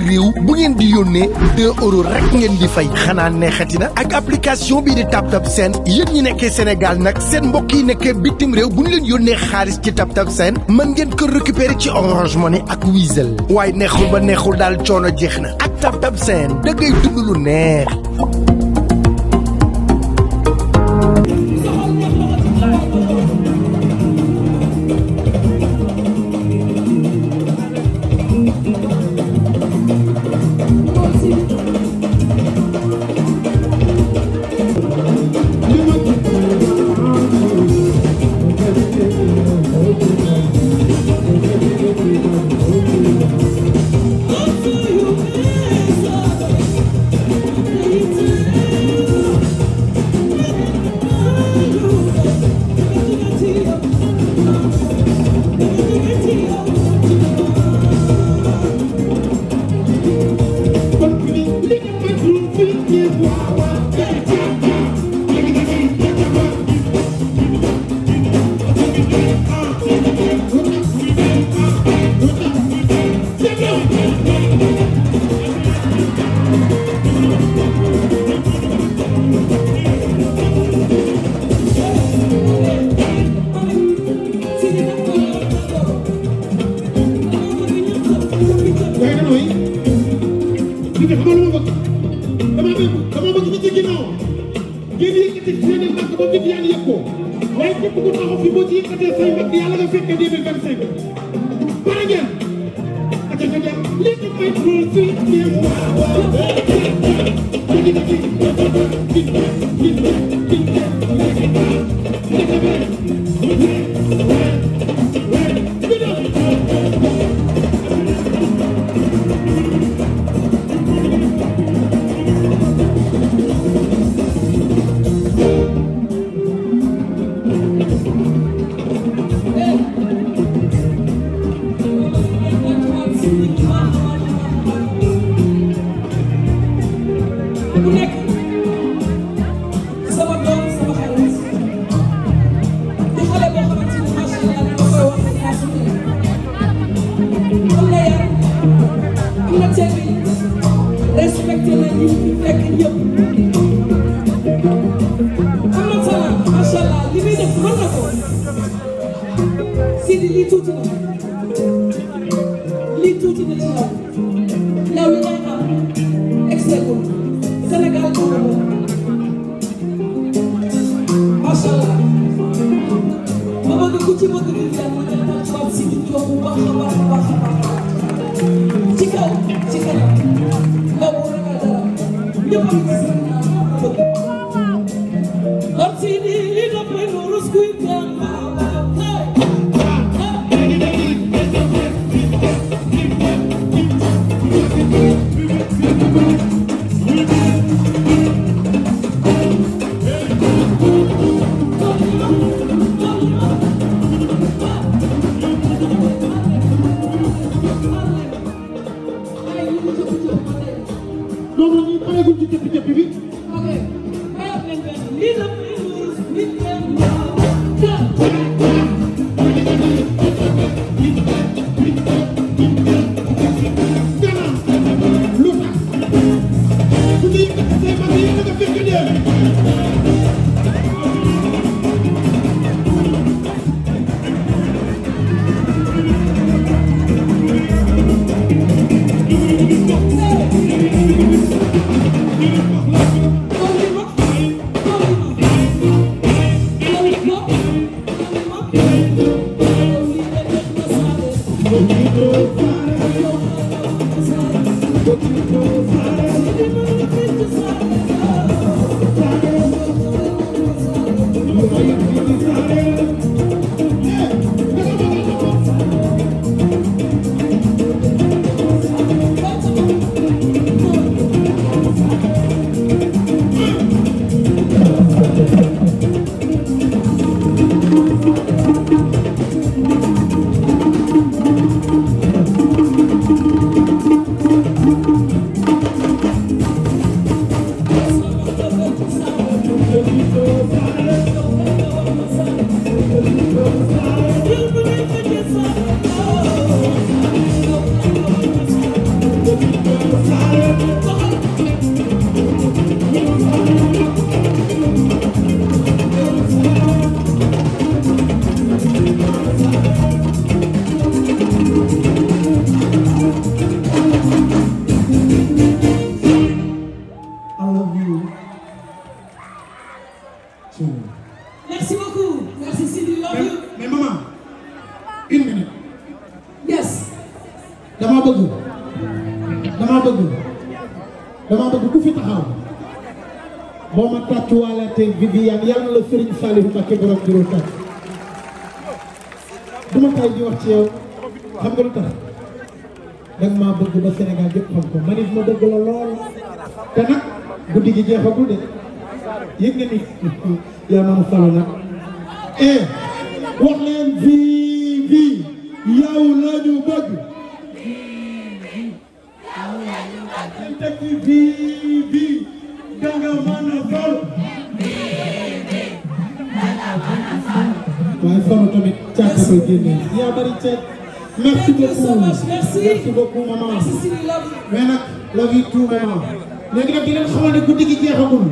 biir réew bu ngeen di yónnee 2 euros rek ngeen di fay xanaa neexati na ak application bii di TapTap Send yéen ñi nekkee Sénégal nag seen mbokk yi nekkee bitim réew bu ñu leen yónnee xaalis ci TapTap seen man ngeen kër récupérer ci Orange ni ak Wizall waaye neexul ba neexul daal coono jeex na ak TapTap Send da ngay dund lu neex. Get, get, get, get, get, lii tuuti na lii tuuti na ci yow yow li ngay am execo Sénégal tuuti ko macha allah ma bëgg ku ci bëgg di leen mën a taxaw si di jox bu baax a baax a baax a baax ci kaw ci kanam loolu rek la dara ñëpp Thank you. dama bëgg dama fi taxaw boo ma tàccuwaalaatee Viviane yàlla na la Serigne Saliou Mbacké borom bureau tàcc du ma tay di wax ci yow tax danga maa bëgg ba Sénégal yëpp xam man it ma bëgg lool te nag guddi gi jeexagul de yëg yaa ma mu solo nag eh wax leen vi vi yow la bëgg. ñu teg ci bii bii danga mën a sol. bii bii danga mën a sol. waaye solo tamit càkk ko génne yaa bari ceeb. merci beaucoup merci beaucoup maman. mais nag love you too maman. léegi nag di leen xamal ne guddi gi jeexagul.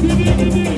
Didi, didi.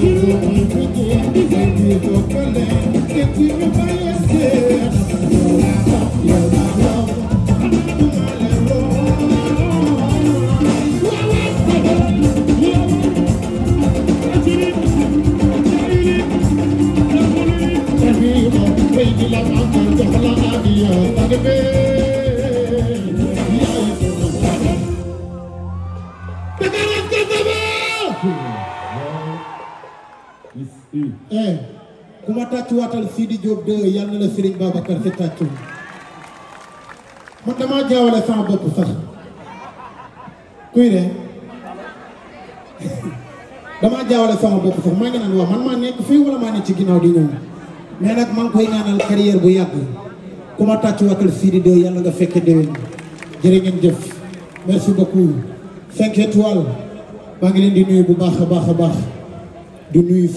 Baby, love, I'm gonna get a lot of you. eh ku ma tàcc sii di Diop de yàlla na la Serigne Babacar si tàccu man damaa jaawale sama bopp sax kuy de damaa jaawale sama bopp sax maa ngi naan waaw man maa nekk fii wala maa nekk ci ginnaaw di ñëw mais nag maa koy ñaanal carrière bu yàgg ku ma tàcc waatal Sidi de yàlla nga fekke déwén jërë ngeen jëf merci beaucoup cinq étoiles maa ngi leen di nuyu bu baax a baax a baax di nuyu